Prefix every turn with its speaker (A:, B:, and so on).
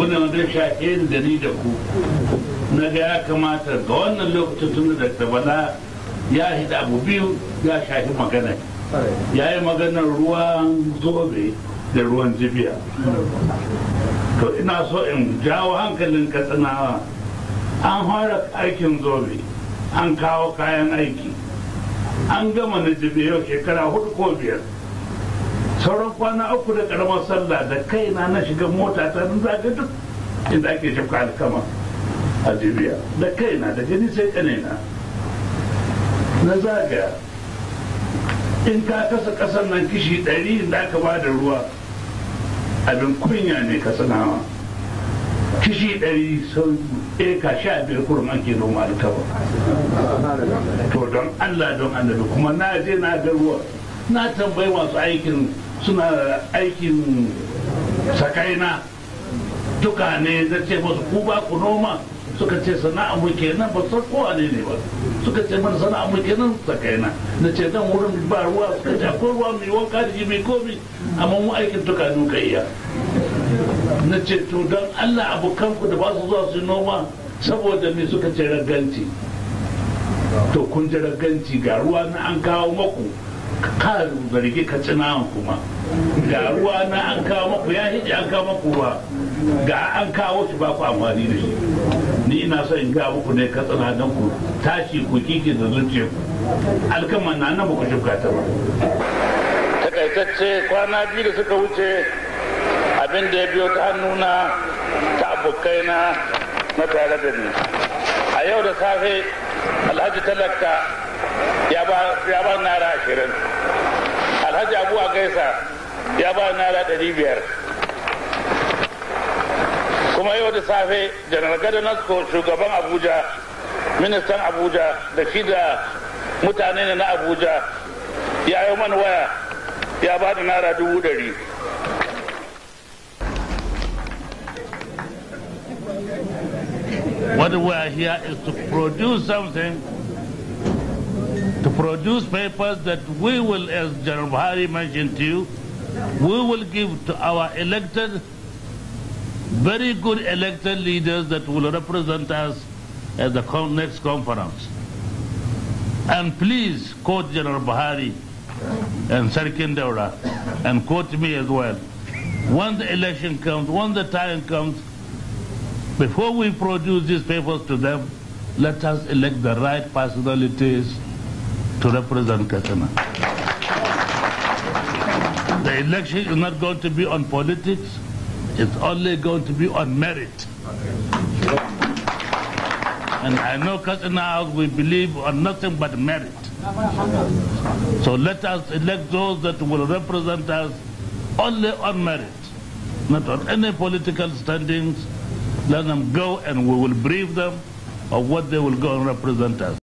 A: wannan sha irin da ni da ku na ga ya kamata ga wannan lokacin tun da bala ya shi da abu biyu ya shafi magana ya yi maganar ruwan zobe da ruwan jibiya to ina so in jawo hankalin katsinawa an fara aikin zobe an kawo kayan aiki an gama na jibiya shekara hudu ko biyar sauran kwana uku da karamar sallah da kaina na shiga mota ta nan zaga duk inda ake shafka alkama a jibiya da kaina da gani sai kanina na zaga in ka kasa kasar nan kishi ɗari inda aka ba da ruwa abin kunya ne ka sanawa kishi ɗari sun eka sha biyar kurum ake noma alkama to don allah don annabi kuma na je na ga ruwa na tambayi masu aikin suna aikin sakaina duka ne zai ce masu ku ba ku noma suka ce sana'a mu kenan ba san ko ne ne ba suka ce mana sana'a mu kenan sakaina na ce nan wurin ba ruwa suka ce akwai ruwa mai wanka da mai komi amma mu aikin duka ne ka iya na ce to don Allah abokanku da ba su zuwa su noma saboda me suka ce raganci to kun ji raganci ga ruwa na an kawo maku ka zargi ka ci naman kuma ga ruwa na an kawo maku ya hiji an kawo maku ba ga an kawo shi ba ku amfani da shi ni ina so in ga muku ne ka tsana don ku tashi ku kike da zuciya ku alkaman na nan ku shuka ta ba takaitacce kwana biyu da suka wuce abin da ya biyo ta hannuna ta abokaina na tare da ni a yau da safe alhaji talaka ya ba na ashirin alhaji abu a gaisa ya ba naira ɗari biyar kuma yau da safe janar gada nasko shugaban abuja ministan abuja da shi da mutane na abuja ya yi man waya ya ba da naira dubu ɗari What we are here is to produce something to produce papers that we will, as General Bahari mentioned to you, we will give to our elected, very good elected leaders that will represent us at the next conference. And please quote General Bahari and Sarkin and quote me as well. When the election comes, when the time comes, before we produce these papers to them, let us elect the right personalities to represent Katana. The election is not going to be on politics, it's only going to be on merit. And I know Katana House, we believe on nothing but merit. So let us elect those that will represent us only on merit, not on any political standings. Let them go and we will brief them of what they will go and represent us.